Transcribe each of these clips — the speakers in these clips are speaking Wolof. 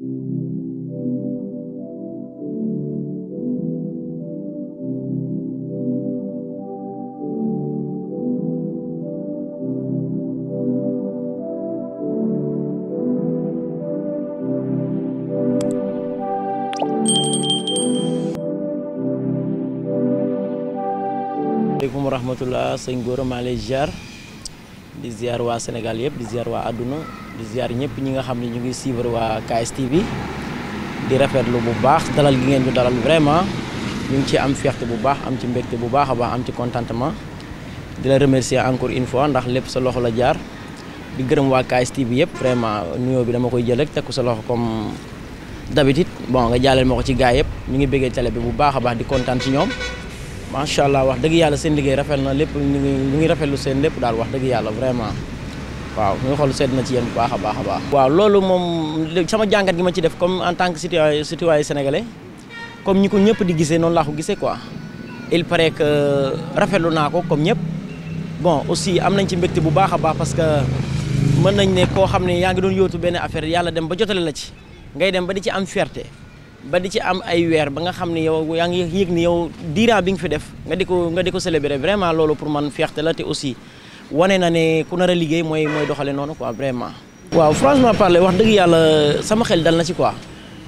maaleykum wa rahmatullah sëñ Gora maa di ziar waa Sénégal yëpp di ziar waa àdduna di ziar ñëpp ñi nga xam ne ñu ngi suivre waa bi di rafetlu bu baax dalal gi ngeen ñu dalal vraiment ñu ngi ci am fierté bu baax am ci mbégte bu baax a baax am ci contentement di la remercier encore une fois ndax lépp sa loxo la jaar di gërëm waa bi yëpp vraiment nuyo bi dama koy jël rek teg ko sa loxo comme d'habitude bon nga jàllale ma ko ci gars yëpp ñu ngi bëggee télé bi bu baax a baax di kontaan ci ñoom macha allah wax dëgg yàlla seen liggéey rafet na lépp ñu ngi ñu seen lépp daal wax dëgg yàlla vraiment. waaw ñu xool seet na ci yéen bu baax a baax a baax. waaw loolu moom sama jàngat gi ma ci def comme en tant que citoyen citoyen sénégalais comme ñi ko ñëpp di gisee noonu laa ko gisee ko il paraît que rafetlu naa ko comme ñëpp bon aussi am nañ ci mbégte bu baax a baax parce que mën nañ ne koo xam ne yaa ngi doon yootu benn affaire yàlla dem ba jotale la ci ngay dem ba di ci am fierté ba di ci am ay weer ba nga xam ne yow yaa ngi yëg ni yow diiraa bi nga fi def nga di ko nga di ko célébrer vraiment loolu pour man fierté la te aussi. wane na ne ku nar a liggéey mooy mooy doxale noonu quoi vraiment. waaw franchement parler wax dëgg yàlla sama xel dal na ci quoi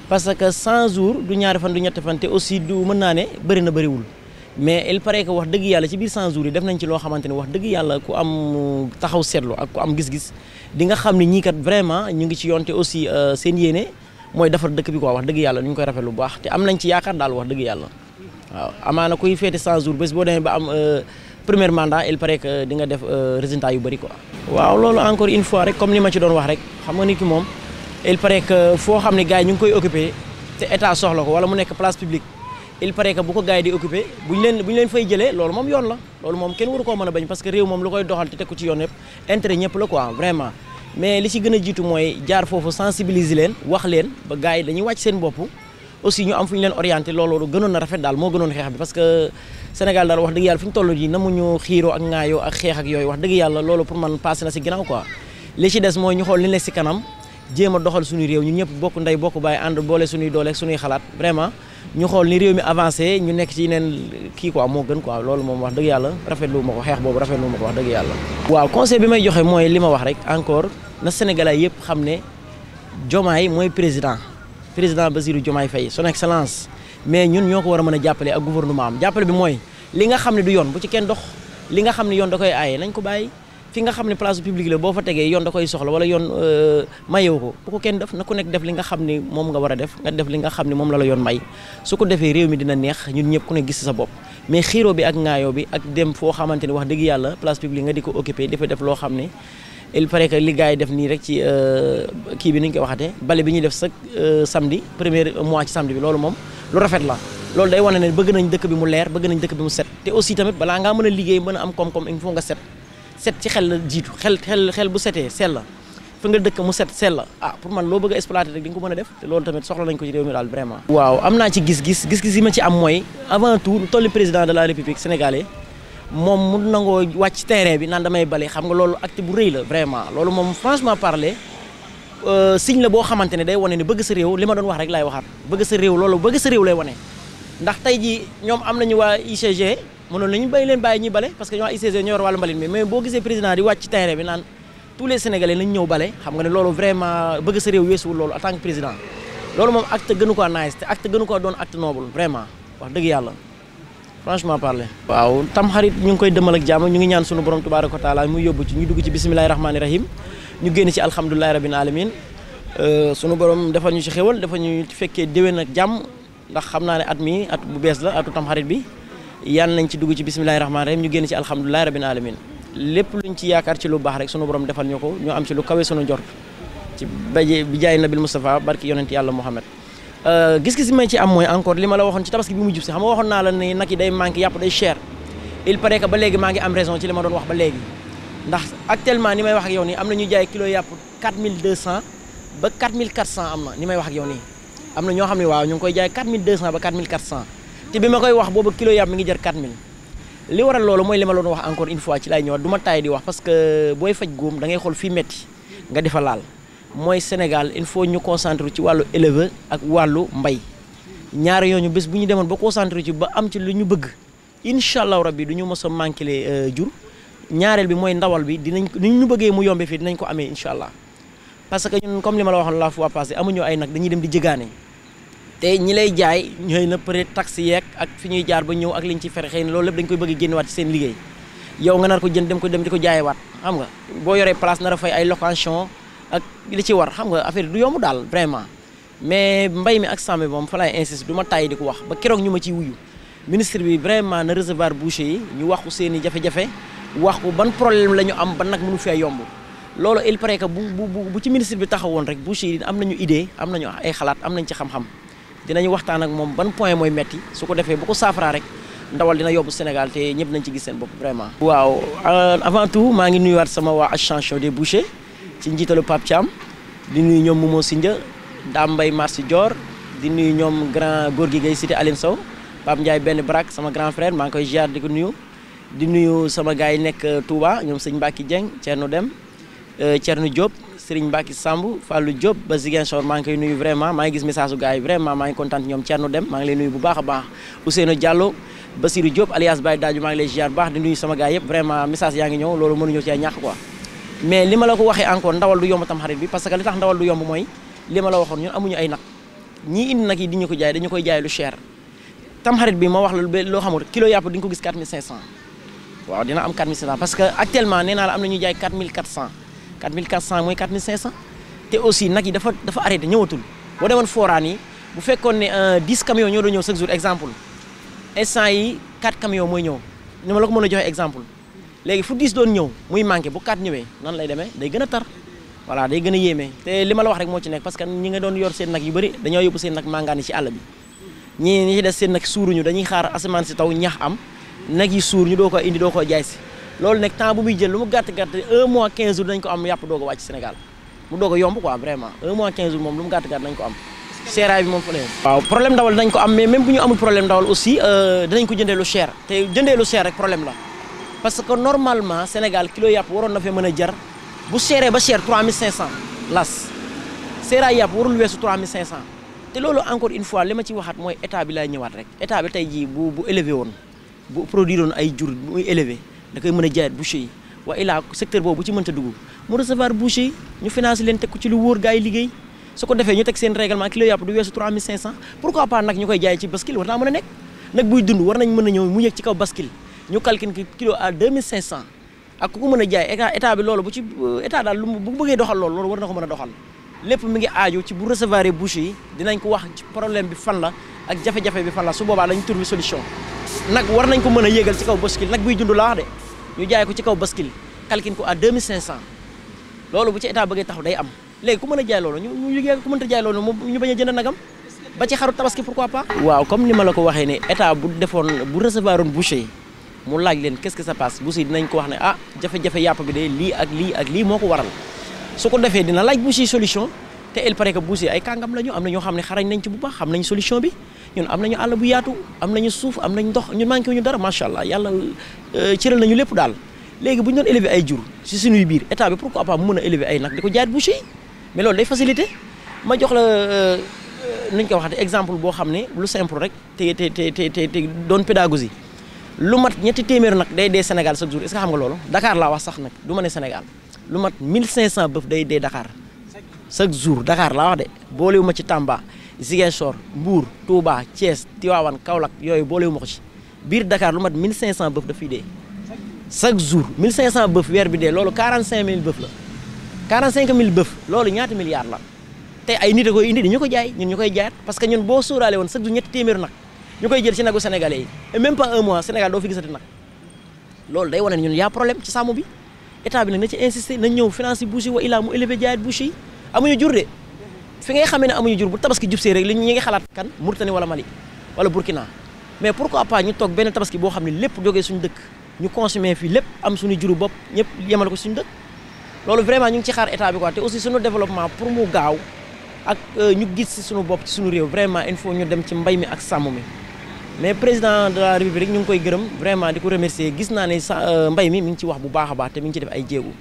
parce que 100 jours du ñaari fan du ñetti fan te aussi du mën naa ne bëri na bëriwul. mais il paraît que wax dëgg yàlla ci biir 100 jours yi def nañ ci loo xamante ne wax dëgg yàlla ku am taxaw seetlu ak ku am gis-gis di nga xam ne ñii kat vraiment ñu ngi ci yoon te aussi euh, seen yéene mooy defar dëkk bi quoi wax dëgg yàlla ñu ngi koy rafet lu baax te am nañ ci yaakaar daal wax dëgg yàlla waaw amaana premier mandat il paraît que nga def euh, résultat yu bëri quoi. waaw loolu encore une fois rek comme li ma ci doon wax rek xam nga nit ki moom il paraît foo xam ne gars yi ngi koy occupé te état soxla ko wala mu nekk place publique il paraît que bu ko gars di occupé bu ñu leen bu ñu fay jëlee loolu moom yoon la loolu moom kenn waru koo mën a bañ parce que réew moom lu koy doxal te teg ci yoon yëpp intérêt ñëpp la quoi vraiment. mais li ci gën a jiitu mooy jaar foofu sensibiliser leen wax leen ba gars yi dañuy wàcc seen bopp. aussi ñu am fu ñu leen orienté loolu gënoon na rafet daal moo gënoon xeex bi parce que Sénégal daal wax dëgg yàlla fi ñu toll ji na mu ñu xiiroo ak ŋaayoo ak xeex ak yooyu wax dëgg yàlla loolu pour man passé na si ginnaaw quoi li ci des mooy ñu xool li nekk si kanam jéem a doxal suñuy réew ñun ñëpp bokk ndey bokk baay ànd boole suñuy doole suñuy xalaat vraiment ñu xool ni réew mi avancé ñu nekk si neen kii quoi moo gën ko loolu moom wax dëgg yàlla rafetlu xeex boobu rafetlu ma ko wax dëgg yàlla waaw conseil bi may joxe mooy li wax rek encore na sénégalais yëpp xam ne Diomaye mooy président président Bassirou Diomaye Faye son excellence mais ñun ñoo ko war a mën a jàppale ak gouvernement am jàppale bi mooy li nga xam ne du yoon bu ci kenn dox li nga xam ne yoon da koy aaye nañ ko bàyyi fi nga xam ne place la boo fa tegee yoon da koy soxla wala yoon euh, mayewu ko bu ko kenn def na ku nekk def li nga xam ni moom nga war a def nga def li nga xam ne moom la la yoon may su ko defee réew mi dina neex ñun ñëpp ku ne gis sa bopp mais xiiroo bi ak ŋaayoo bi ak dem foo xamante ne wax dëgg yàlla place publique nga di ko occupé dafa def loo xam ne il paraît que li gars yi def nii rek ci euh, kii bi ni ñu koy waxatee bale bi ñu def sa euh, samedi premier mois ci samedi bi loolu moom lu rafet la loolu day wane ne bëgg nañ dëkk bi mu leer bëgg nañ dëkk bi mu set te aussi tamit balaa ngaa mën a liggéey mën a am koom-koom il faut nga set set ci xel la jiitu xel xel bu setee sell la fa nga dëkk mu set sell la ah pour man loo bëgg a exploiter rek di nga ko mën a def te loolu tamit soxla nañ ko ci réew mi daal gis-gis gis-gis yi ma mooy avant tout président la république sénégalais moom mun nangoo wàcc terrain bi naan damay bale xam nga loolu acte bu rëy la vraiment loolu moom franchement parler euh, signe la boo xamante ne day wane ne bëgg sa réew li ma doon wax rek laay waxaat bëgg sa réew loolu bëgg sa réew lay wane. ndax tey jii ñoom am nañu waa ICG mënoon nañu bay leen bàyyi ñuy bale parce que ñoo waa ICG ñoo mais boo gisee président di wàcc terrain bi naan tous les sénégalais nañ ñëw bale xam nga ne loolu vraiment bëgg sa réew weesuwul loolu en tant président loolu moom acte gënu ko nice te acte gënu ko doon acte noble vraiment wax dëgg yàlla franchement parler waaw tamxarit ñu ngi koy dëmal ak jàmm ñu ngi ñaan sunu borom tabaaraka taala mu yóbbu ci ñu dugg ci bisimilahi rahmaani rahim ñu génn ci alhamdulilahi rabbil alamin euh, sunu borom dafa ñu ci xewal dafa ñu fekkee déwén ak jàmm ndax xam naa ne at mi at bu bees la atu tamxarit bi yàlla nañ ci dugg ci bisimilahi rahmaani rahim ñu génn ci alhamdulilahi rabbil alamin lépp luñ ci yaakaar ci lu baax rek sunu borom defal ñu ko ñu am ci lu kawe sunu njort ci baje bi jaay nabil Moustapha barki yonent yàlla Muhammad Euh, gis-gis bi may ci am mooy encore li ma la waxoon ci tabaski bi mu jub si xam nga waxoon naa la ne nag yi day manqué yàpp day cher il paraît que ba am ma doon wax ba léegi na ni may wax ak yow nii am na ñoo xam ne waaw ñu koy jaay 4200 ba 4400 te bi ma koy wax boobu kilo yàpp mi ngi jar 4000 li waral loolu mooy li ma doon wax encore une fois ci lay ñëwaat du ma di wax parce que booy faj góom da ngay fii metti nga defa mooy Sénégal il faut ñu concentrer ci wàllu éleveur ak wàllu mbay ñaari yooñu bés bu ñu demoon ba concentrer ci ba am ci lu ñu bëgg incha allahu rabbi du ñu mos a manqué euh, jur ñaareel bi mooy ndawal bi dinañ ni ñu bëggee mu yombee fii dinañ ko amee incha allah parce que ñun comme li ma la waxoon la fois passée amuñu ay nag dañuy dem di jëgaane te ñi lay jaay ñooy na peut être taxi yeeg ak fi ñuy jaar ba ñëw ak liñ ci fere xëy na loolu lépp dañ koy bëgg génnewaat ci seen liggéey yow nga nar ko jënd dem ko dem di ko jaayewaat xam nga boo yoree place nar a fay ay location ak li ci war xam nga affaire du yomb daal vraiment mais mbay mi ak sàmm moom fa laay insiste du ma tàyyi di ko wax ba keroog ñu ma ciy wuyu ministre bi vraiment na recevoir boucher yi ñu waxu seen i jafe-jafe wax ko ban problème la ñu am ba nag mënu fee yomb loolu il paraît que bu bu bu ci ministre bi taxaw woon rek boucher yi am nañu idée am nañu ay xalaat am nañ ci xam-xam dinañu waxtaan ak moom ban point mooy metti su ko defee bu ko saafaraa rek ndawal dina yóbbu Sénégal te ñëpp nañ ci gis seen bopp vraiment. waaw euh, avant maa ngi nuyuwaat sama waa association des bouchers. ci njiitalu Pape Thiam di nuyu ñoom si nja daam mbay Massi joor di nuyu ñoom grand góor gi ngay cité Aline Sow Pape Ndiaye benn brak sama grand frère maa ngi koy ko nuyu di nuyu sama gars yi nekk euh, Touba ñoom sëñ Mbacke Dieng Thierno Dem euh, Thierno Diop Serigne Mbacke Samb Fallou Diop ba Ziguinchor maa ngi koy nuyu vraiment gis message su gars maa ngi kontaan ñoom Thierno Dem maa ngi lay nuyu bu baax a baax Ousseynou Diallo Basirou di nuyu sama gars yëpp vraiment message yaa ngi ñëw loolu mënuñu cee ñàkk quoi mais li ma la ko waxee encore ndawal du yomb tamxarit bi parce que li tax ndawal du yomb mooy li ma la waxoon ñun ko jaay dañu koy jaay lu cher tamxarit bi ma wax la loo xamul kilo yàpp di nga ko gis 4500 waaw dina am 4500 parce que actuellement nee naa la am na ñuy jaay 4400 4400 mooy 4500 te aussi nag yi dafa dafa arrêté ñëwatul boo demoon foraan yi bu fekkoon ne 10 euh, camions ñoo doon ñëw chaque jour exemple instant yi 4 camions mooy ñëw ni ma la ko mën a joxe exemple léegi fu 10 doon ñëw muy manqué bu 4 ñëwee nan lay demee day gën a tar voilà day gën a yéeme te li ma la wax rek moo ci nekk parce que ñi nga doon yor seen nag yu bëri dañoo yóbbu seen nag màngaan yi ci àll bi ñi ñi ci dañuy xaar asamaan si taw ñax am nag yi suur ñu doo ko indi doo ko jaay loolu nag temps bu jël lu mu gàtt gàtt un mois 15 am yàpp doog a wàcc Sénégal mu doog a yomb quoi vraiment moom lu mu gàtt gàtt nañ ko am seeraay bi moom fa la waaw problème bu ñu amul problème dawal aussi euh, dinañ ko jëndee lu cher te jëndee lu cher rek problème la parce que normalement Sénégal kilo yàpp waroon na fee mën a jar bu seeree ba seer 3500 las seeraay yàpp warul weesu 3500 te loolu encore une fois li ma ci waxaat mooy état bi laay ñëwaat rek état bi tey jii bu bu élevé woon bu produire ay jur muy élevé da koy mën a jaayaat boucher yi waa ilaa secteur boobu bu ci mënta dugg mu recevoir boucher yi ko ci lu wóor gars yi liggéey su ko defee ñu nag ñu koy jaay ci bascule war naa mën a nekk nag buy dund war nañ mën a ñëw mu yëg ci kaw bascule ñu calcule ki kilo à 2500 ak ku mën a jaay état bi loolu bu ci état daal lu bu bëggee doxal loolu war na ko mën a doxal lépp mi ngi aaju ci bu recevoir bouche yi dinañ ko wax problème bi fan la ak jafe-jafe bi fan la su boobaa lañ trouver solution nag war nañ ko mën a yéegal ci kaw bascule nag buy dund laax de ñu jaay ko ci kaw bascule calcule ko à 2500 loolu bu ci état bëggee taxaw day am léegi ku mën a jaay loolu ñu ñu yéeg ku mënta jaay loolu moom ñu a jënd nagam ba ci xaru tabaski pourquoi pas. waaw comme ni ma la ko waxee ne état bu defoon bu recevoir woon yi mu laaj leen qu'est-ce que ça passe bu si dinañ ko wax ne ah jafe-jafe yàpp bi de ak lii ak lii ko waral su ko defee dina laaj bu solution te il paraît que bu si ay kàngam la ñu am na ñoo xam ne xarañ nañ ci bu baax xam solution bi ñun am nañu àll bu yaatu am nañu suuf am nañ ndox ñun manqué wuñu dara macha allah yàlla euh, cëral nañu lépp daal léegi bu ñu doon élever ay jur si suñuy biir état bi pourquoi pas mu mën a élever ay nag di ko jaayit boucher yi ma jox la euh, euh, nuñ ko waxate exemple boo xam ne lu simple rek te te te te te doon pédagogie lu mat ñetti téeméer nag day dee Sénégal chaque jour est xam nga loolu dakaar laa wax sax nag du ma ne Sénégal lu mat 1500 bëf day dee Dakar chaque jour Dakar laa wax de boole ma ci Tamba Ziguinchor Mbour Touba Thiès Tivaouane Kaolack yooyu boolewu ma ko ci biir Dakar lu mat 1500 bëf daf fiy dee chaque jour 1500 bëf weer bi dee loolu 45000 bëf la 45000 bëf loolu ñaata milliards la te ay nit a koy indi di ñu ko jaay ñun ñu koy jaayat parce que ñun boo sóoraale woon chaque jour ñetti téeméer nag ñu koy jël ci nagu sénégalais yi et même pas mois Sénégal doo fi gisati nag loolu day wane ne ñun y' a problème ci sàmm bi état bi nag na ci insister nañ ñëw finance bouche yi wa illaa mu élevé jaayat bouche yi amuñu jur de fi ngay xamee ne amuñu jur bu tabaski jub see rek li ñi ngi xalaat kan Mauritanie wala Mali wala Burkina mais pourquoi pas ñu toog benn tabaski boo xam ne lépp jógee suñ dëkk ñu consommé fii lépp am suñu juru bopp ñëpp yemal ko suñ dëkk loolu vraiment ñu ngi ci xaar état bi quoi te aussi suñu développement pour mu gaaw ak euh, ñu gis ci suñu bopp ci suñu réew vraiment il faut ñu dem ci mbay mi ak sàmm mi mais président de la république ñu ngi koy gërëm vraiment di ko remercier gis naa ne euh, mbay mi mi ngi ci wax bu baax a baax te mi ngi ci def ay jéego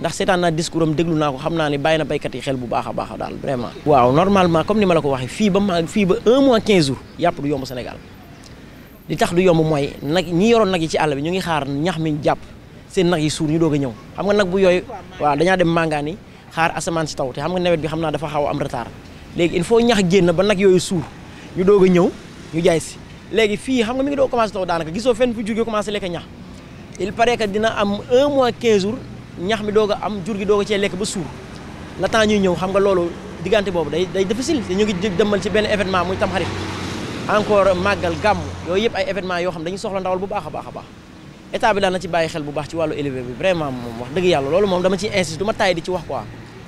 ndax seetaan naa discours am déglu naa ko xam naa ne bàyyi na béykat yi xel bu baax a baax daal vraiment waaw normalement comme ni ma la ko waxee fii ba ma fii ba un mois 15 jours yàpp du yomb Sénégal li tax du yomb mooy nag ñi yoroon nag yi ci àll bi ñu ngi xaar ñax mi jàpp seen nag yi suur ñu doog a ñëw xam nga nag bu yooyu waaw dañaa dem màngaani xaar asamaan si taw te xam nga nawet bi xam naa dafa xaw am retard léegi il faut ñax génn ba nag yooyu suur ñu doog a ñëw ñu jaay si léegi fii xam nga mi ngi doog commencé taw daanaka gisoo fenn fu jur gi commencé lekk ñax il paraît que dina am un mois 15 jours ñax mi doog am jur gi doog cee lekk ba suur la temps ñuy ñëw xam nga loolu diggante boobu day day difficile te ñu ngi demal ci benn événement muy tam xarit encore màggal gàmm yooyu yëpp ay événement yoo xam dañu soxla ndawal bu baax a baax a xel bu baax ci wàllu élevé bi moom wax dëgg yàlla ma taay di ci wax quoi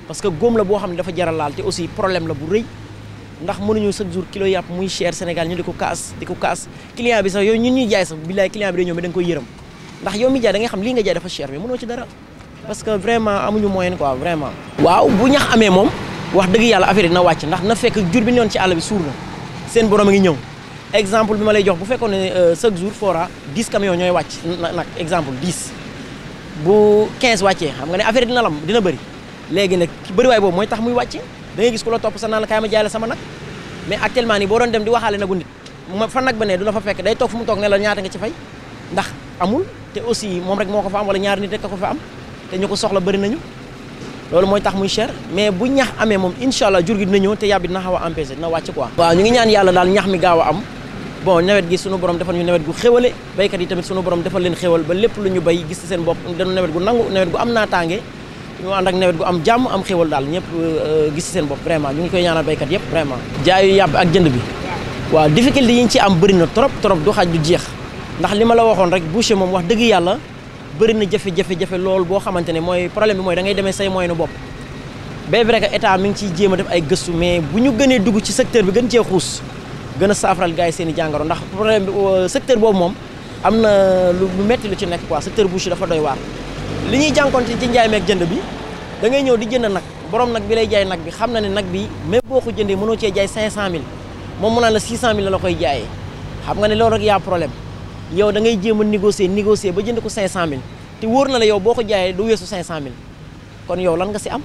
parce que góom la boo xam ne dafa jar a laal te aussi problème la bu rëy ndax mënuñu chaque jour kilo yàpp muy cher Sénégal ñu di ko kaas di ko kaas client bi sax yooyu ñu ñuy jaay sax billaay client bi day ñëw mais da nga koy yërëm ndax yow mi jaay da nga xam lii nga jaay dafa cher mais mënoo ci dara parce que vraiment amuñu moyen ko vraiment. waaw bu ñax amee moom wax dëgg yàlla affaire dina wàcc ndax na fekk jur bi ñu doon ci àll bi suur na seen borom a ngi exemple bi lay jox bu fekkoon ne euh, chaque jour fora 10 camions ñooy wàcc nag exemple 10 bu 15 wàccee xam nga ne affaire dina lam dina bëri léegi nag ki bëriwaay boobu mooy tax muy wàcc da gis ku la topp sa naan la kaay ma jaay la sama nag mais actuellement nii boo doon dem di waxaale nagu nit ma fa nag ba ne du la fa fekk day toog fu mu toog ne la ñaata nga moom rek moo ko fa am wala ñaari nit ko fa am ñu ko soxla bëri nañu loolu mooy tax muy cher mais bu ñax amee moom incha jur gi dina ñëw te yàbbi dina xaw a wàcc quoi waaw ñu ngi ñaan yàlla daal ñax a am nawet gi sunu borom defal ñu nawet gu xéwale béykat yi tamit sunu borom defal leen xéwal ba lépp lu ñu bay gis seen bopp dañu nawet gu nangu nawet gu am naataange ñu ànd ak nawet gu am jàmm am xéwal daal ñëpp euh, euh, gis seen bopp vraiment ñu ngi koy ñaana béykat yëpp vraiment. jaayu yàbb ak jënd bi waaw difficulté yi ñu ci am bëri na trop trop du xaj du jeex ndax li ma la waxoon rek boucher moom wax dëgg yàlla bëri na jafe-jafe lool boo xamante ne mooy problème bi mooy da ngay demee say moyenu bopp. bien vrai que état mi ngi ciy jéem a def ay gëstu mais bu ñu gënee dugg ci secteur bi gën cee xuus gën a saafaral gars seeni jàngoro ndax problème bi euh, secteur boobu moom am na lu metti lu ci nekk quoi secteur boucher dafa doy waar. li ñuy jànkoonte ci njaay meeg jënd bi da ngay ñëw di jënd nag borom nag bi lay jaay nag bi xam na ne nag bi même boo ko jëndee mënoo cee jaay 500000 moom mu naan la 600000 la la koy jaayee xam nga ne loolu rek yaa problème yow da ngay jéem a négocier négocier ba jënd ko 500000 te wóor na la yow boo ko jaayee du weesu 500000 kon yow lan nga si am.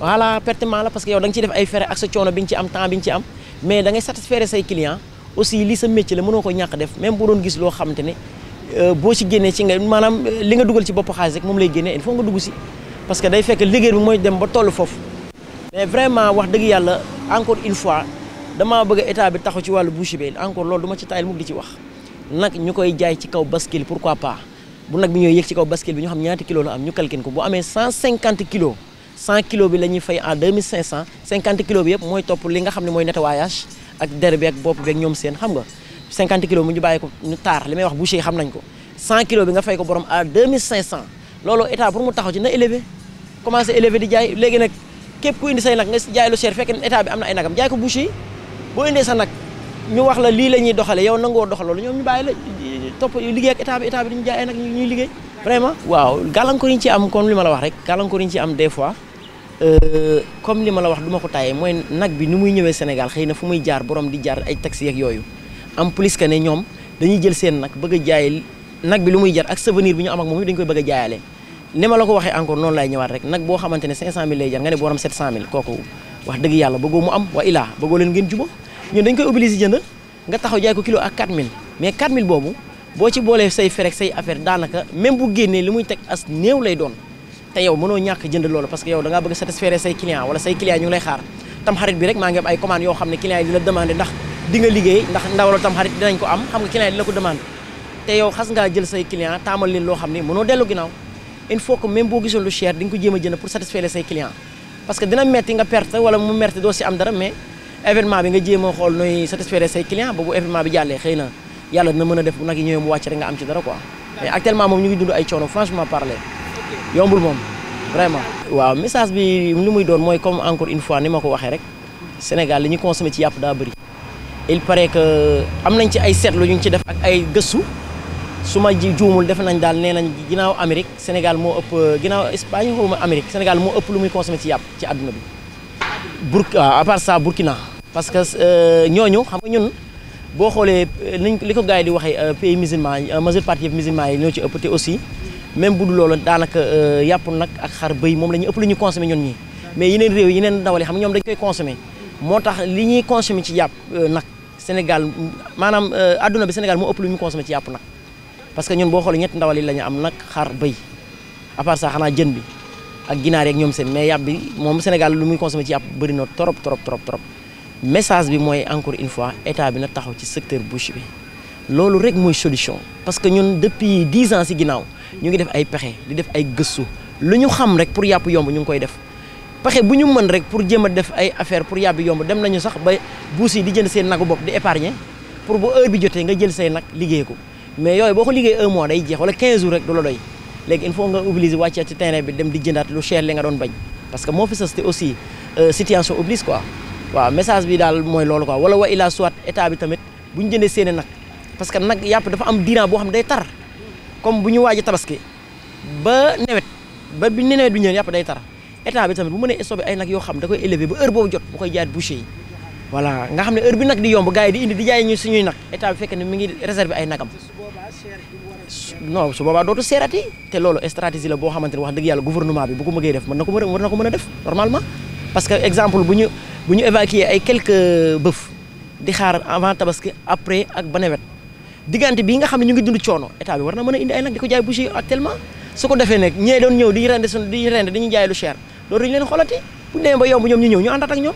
voilà pertement la parce que yow da nga def ay frais ak sa coono bi nga ci am temps bi nga ci am mais da ngay satisfaire say clients aussi li sa métier la mënoo ko ñàkk def même bu doon gis loo xamante ne. Euh, boo ci génnee ci nga maanaam euh, li nga dugal ci bopp xaalis rek moom lay génnee il faut nga dugg si parce que day fekk liggéey bi mooy dem ba toll foofu mais vraiment wax dëgg yàlla encore une fois damaa bëgg état bi taxaw ci wàllu bu bi encore loolu du ma ci taayal mukk di ci wax nag ñu koy jaay ci kaw bascule pourquoi pas bu nag bi ñooy yëg ci kaw bascule bi ñu xam ñaata kilo la am ñu calcule ko bu amee 150 kilos 100 kilos bi la ñuy kilos bi yëpp mooy topp li nga xam ne mooy nettoyage ak der bi ak bopp beeg seen xam nga cinquante kilos mu ñu bàyyi ko ñu taar li may wax boucher xam nañ ko 100 kilo bi nga fay ko borom à 2500 loolu état pour mu taxaw ci na élevé commencé élevé di jaay léegi nag képp ku indi say nag nga jaay lu cher fekk état bi am na ay nagam jaay ko boucher yi sa nag ñu wax la lii la ñuy doxale yow nangoo doxal loolu ñoom ñu bàyyi la topp liggéey ak état bi état bi dañu jaay ay waaw gàllankoor yi ñu am comme li ma la wax rek gàllankoor yi ñu am des fois euh, comme li ma la wax du ma ko tàyyee mooy nag bi nu muy ñëwee Sénégal xëy na fu muy jaar borom di jaar ay taxi yeeg yooyu am plus que ne ñoom dañuy jël seen nag bëgg a jaay nag bi lu muy jar ak souvenir bi ñu am ak moom dañu koy bëgg a jaayalee ni ma la ko waxee encore noonu laay ñëwaat rek nag boo xamante ne 500000 lay jar nga ne mu am wa ilaa bëggoo leen ngeen boobu boo ci boolee say ferek say affaire daanaka même bu génnee li muy teg as néew lay doon te yow mënoo ñàkk jënd loolu parce que yow da bëgg satisfaire say client wala say client ñu lay xaar tam xarit bi rek maa ngi ay commande yoo xam ne client yi di di nga liggéey ndax ndaw la tam xarit dinañ ko am xam nga client dina ko demande te yow xas ngaa jël say client taamal leen loo xam ne mënoo dellu ginnaaw il faut que même boo gisoon lu cher di nga ko jéem a jënd pour satisfaire say client parce que dina metti nga perte wala mu metti doo si am dara mais événement bi nga jéem a xool nooy satisfaire say client ba bu événement bi jàllee xëy na yàlla dina mën a def bu nag yi ñëwee mu wàcc rek nga am ci dara quoi mais actuellement moom ñu ngi dund ay coono franchement parler moom vraiment waaw message bi li muy doon mooy comme encore une fois ni ma ko waxee rek Sénégal li ñu consommé ci yàpp daa bëri il paraît que am nañ ci ay seetlu ñu ci def ak ay gëstu su ma ji juumul def nañ daal nee nañ ginnaaw Amérique Sénégal moo ëpp ginnaaw Espagne xawma Amérique Sénégal moo ëpp lu muy consommé ci yàpp ci àdduna bi Burkina ah, à part ça parce que euh, ñooñu xam nga ñun boo xoolee euh, niñ li ko gars yi di waxee euh, pays musulman yi majeure partie musulman yi ñoo ci ëpp te même bu dul loolu daanaka yàpp nag ak xar bëy moom la ñu lu ñu consommé ñun ñi mais yeneen réew yeneen ndawal yi xam nga dañ koy consommé moo tax li ñuy consommé ci yàpp nag Sénégal maanaam euh, adduna bi Sénégal moo ëpp lu ñu consommé ci yàpp nag parce que ñun boo xoolee ñetti ndawal yi la am nag xar bëy à part ça xanaa jën bi ak ginaar yeeg ñoom seen mais yàpp bi moom Sénégal lu muy consommé ci yàpp bëri na trop trop trop trop message bi mooy encore une fois état bi na taxaw ci secteur bouche bi loolu rek mooy solution parce que ñun depuis dix ans si ginnaaw ñu ngi def ay pexe di def ay gëstu lu ñu xam rek pour yàpp yomb ñu ngi koy def pexe bu ñu mën rek pour jéem a def ay affaire pour yàbbi yomb dem nañu sax ba buus yi di jënd nag nagu bopp di épargner pour bu heure bi jotee nga jël say nag liggéey ko mais yooyu boo ko liggéey un mois day jeex wala 15 jours rek du la léegi il faut nga obliger wàccee ci terrain bi dem di jëndaat lu cher li nga doon bañ parce que moo fi sas te aussi euh, situation oblige quoi waaw message bi daal mooy loolu quoi wala wa illaa soit état bi tamit bu ñu jëndee seen i nag parce que nag yàpp dafa am diina boo xam day tar comme bu ñu waaj a tabaski ba nawet ba bi bi ñëw yàpp day tar état bi tamit bu mënee stocké ay nag yoo xam da koy élevé ba jaay boucher yi voilà nga xam ne heure bi nag di yomb gars yi di bi fekk ne mi ngi réservé ay nagam non su boobaa dootu seerati te loolu stratégie la boo xamante ne wax dëgg yàlla gouvernement bi bu ko mëgee a war na ko mën ñu bu ñu évacuer ay quelques bëf di xaar avant nawet diggante bii nga xam ne ñu ngi dund coono état bi a indi ay nag di ko jaay boucher actuellement su ko defee nag ñee doon ñëw di jaay lu cher loolu dañu leen xoolati bu ñu demee ba yomb ñoom ñu ñëw ñu àndaat ak ñoom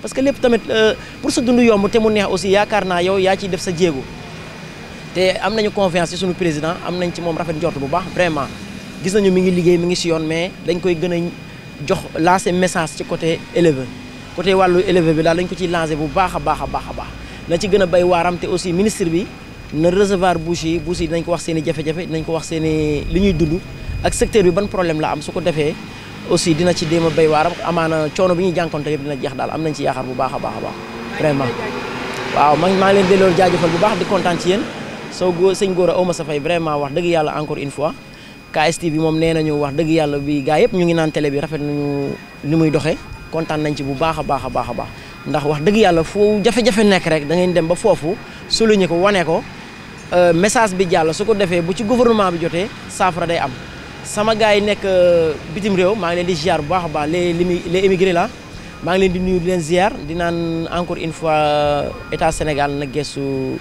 parce que lépp tamit euh, pour sa dund yomb te mu neex aussi yaakaar naa yow yaa ciy def sa jéego te am nañu confiance ci suñu président am nañ ci moom rafet njort bu baax vraiment gis nañu mi ngi liggéey mi ngi si yoon mais dañ koy gën a jox lancer message ci côté éleveur côté wàllu éleveur bi daal dañ ko ciy lancer bu baax a baax a baax a baax na ci gën a béy waaram te aussi ministre bi na recevoir bouche yi bouche yi ko wax seen i jafe-jafe ko wax seen li ñuy dund ak secteur bi ban problème la am su ko defee aussi dina ci déem a béy waaram amaana coono bi ñuy jànkonte yëpp dina jeex daal am nañ ci yaakaar bu baax a baax a baax vraiment waaw man maa ngi leen delloo jaajëfal bu baax di kontaan ci yéen soo góor sëñ góor a ma sa fay vraiment wax dëgg yàlla encore une fois KSTV bi moom nee nañu wax dëgg yàlla bi gaa yëpp ñu ngi naan télé bi rafet ni muy doxee kontaan nañ ci bu baax a baax a baax a baax ndax wax dëgg yàlla foo jafe-jafe nekk rek da ngeen dem ba foofu souligner ko wanee ko euh, message bi jàll su ko defee bu ci gouvernement bi jotee saafara day am sama gars yi nekk euh, bitim réew maa ngi leen di ziar bu baax a baax les les émigrés là maa ngi leen di nuyu di leen ziar di naan encore une fois euh, état Sénégal na gestu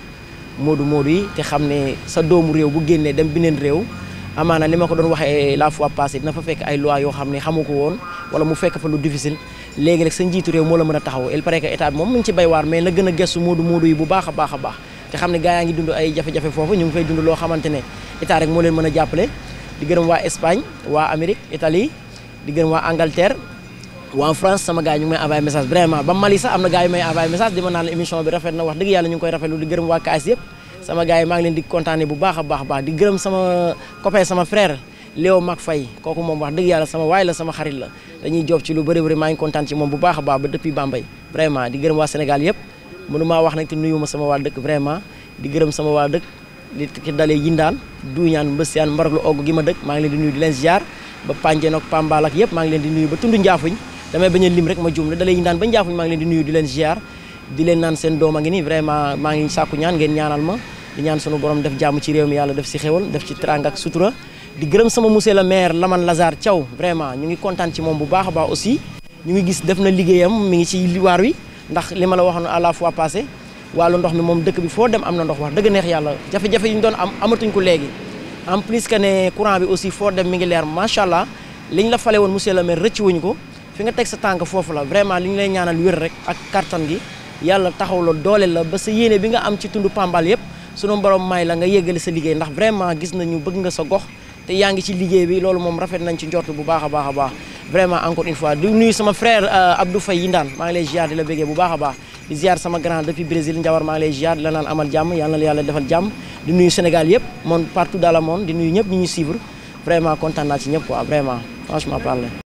moodu moodu te xam ne sa doomu réew bu génnee dem beneen réew. amaana li yoo xam ko woon wala mu fekk fa lu difficile léegi rek sa njiitu réew moo la a taxaw il mu ngi ci bay waar mais na gën a gestu moodu moodu yi bu baax a baax a baax te xam ne gars yaa ngi dund ay jafe-jafe foofu ñu ngi fay dund loo xamante ne état rek moo leen mën a jàppale di gërëm waa Espagne waa Amérique Italie di gërëm waa Angleterre waa France sama gars ñu may envoyé message vraiment ba Mali sax am na gars yu may envoyé message di ma naan la bi rafet na wax dëgg yàlla ñu ngi koy rafetlu di gërëm waa kaas yëpp sama gars yi maa leen di kontaane bu baax a baax di gërëm sama copain sama frère Léo Mac Faye kooku moom wax dëgg yàlla sama waay la sama xarit la dañuy job ci lu bëri bëri maa ngi kontaan ci moom bu baax a baax ba depuis Bambey vraiment di gërëm waa sama waa li ki dalee yindaan duuñaan mbësiyaan mbaraglu ogg gi ma dëkk maa ngi leen di nuyu di leen ziar ba pànjeen ak pambaal ak yëpp maa ngi leen di nuyu ba tund njaafuñ a lim rek ma juum la dalee yindaan di nuyu di leen ziar di leen naan seen doom a ngi nii vraiment maa ngi sàkku ñaan ngeen ñaanal ma di ñaan sunu borom def jàmm ci réew mi yàlla def si xewal def ci teranga ak sutura di gërëm sama monsieur le maire Lamane Lazare Thiaw vraiment ñu ngi kontaan ci moom bu baax a baax aussi ñu ngi gis def na liggéeyam mi ngi ci liwaar wi ndax li ma la waxoon la fois passé wàllu ndox mi moom dëkk bi foo dem am na ndox wax dëgg neex yàlla jafe-jafe yi ñu doon am amatuñ ko léegi en plus que ne courant bi aussi foo dem mi ngi leer macha allah liñ la fale woon monsieur le maire rëcc wuñu ko fi nga teg sa tànk foofu la vraiment li ñu lay ñaanal wér rek ak kattan gi yàlla taxaw la la ba sa yéene bi nga am ci tund Pambal yëpp sunu borom may la nga yéggale sa liggéey ndax vraiment gis nañu bëgg nga sa gox te yaa ngi ci liggéey bi loolu moom rafet nañ ci njort bu baax a baax a baax vraiment encore une fois di nuyu sama frère euh, Abdou Faye Yindane maa ngi lay ziar la béggee bu baax a baax di ziar sama grand depuis Brésil Ndiawar maa ngi lay ziar di la naan amal jàmm yàlla yàlla defal jàmm di nuyu Sénégal yëpp moom partout dans le monde di nuyu ñëpp ñu ñu suivre vraiment kontaan naa ci ñëpp quoi vraiment franchement parler